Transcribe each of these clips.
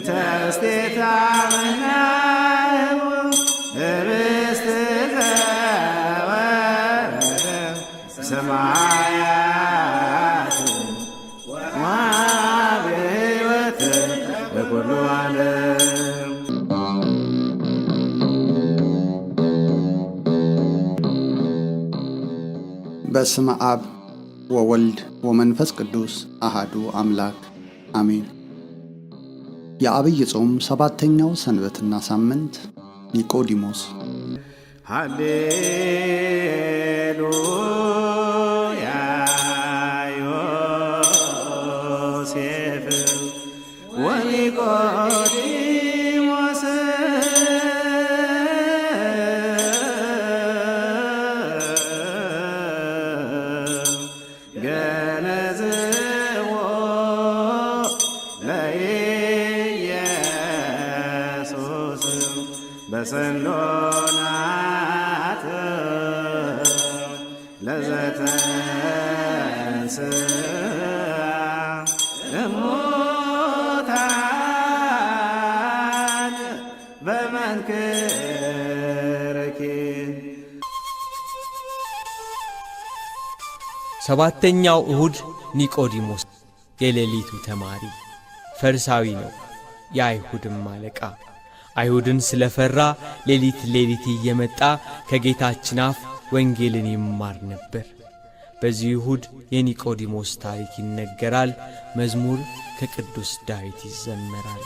እንተ ስቴታ መናህቡ እብስትዘ ሰማያት ዓለም በስመ አብ ወወልድ ወመንፈስ ቅዱስ አሃዱ አምላክ አሜን። የአብይ ጾም ሰባተኛው ሰንበትና ሳምንት ኒቆዲሞስ። በሰሎናት ለዘተንስ በመንክርኪ ሰባተኛው እሁድ ኒቆዲሞስ የሌሊቱ ተማሪ ፈሪሳዊ ነው፣ የአይሁድም አለቃ አይሁድን ስለፈራ ሌሊት ሌሊት እየመጣ ከጌታችን አፍ ወንጌልን ይማር ነበር። በዚህ ይሁድ የኒቆዲሞስ ታሪክ ይነገራል። መዝሙር ከቅዱስ ዳዊት ይዘመራል።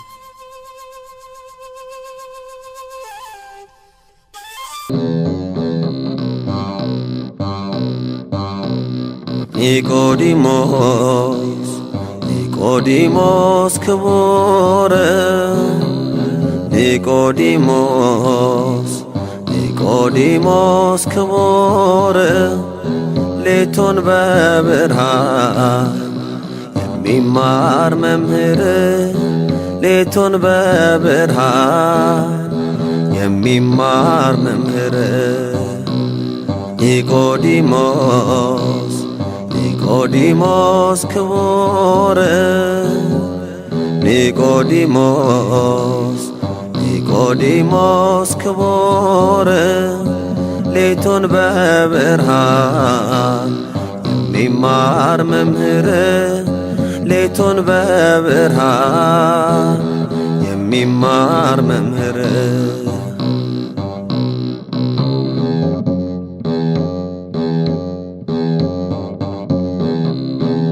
ኒቆዲሞስ ኒቆዲሞስ ክቡር ኒቆዲሞስ ኒቆዲሞስ ክቡር ሌቱን በብርሃን የሚማር መምህር ሌቱን በብርሃን የሚማር መምህር ኒቆዲሞስ ኒቆዲሞስ ክቡር ኒቆዲሞስ ቆዲሞስ ክቡር ሌቱን በብርሃን የሚማር መምህር ሌቱን በብርሃን የሚማር መምህር